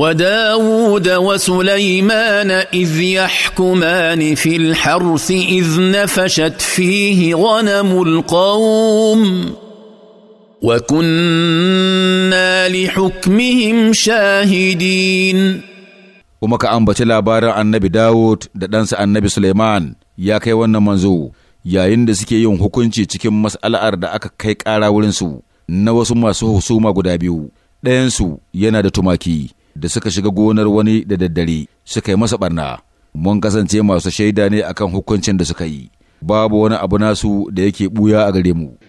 وداود وسليمان اذ يحكمان في الحرث اذ نفشت فيه غنم القوم وكنا لحكمهم شاهدين kuma ka ambaci labarin annabi Dawud da ɗansa annabi Suleiman ya kai wannan manzo yayin da suke yin hukunci cikin mas'al'ar da aka kai ƙara wurinsu na wasu masu husuma guda biyu ɗayansu yana da tumaki da suka shiga gonar wani da daddare suka yi masa barna mun kasance masu shaida ne akan hukuncin da suka yi babu wani abu nasu da yake buya a gare mu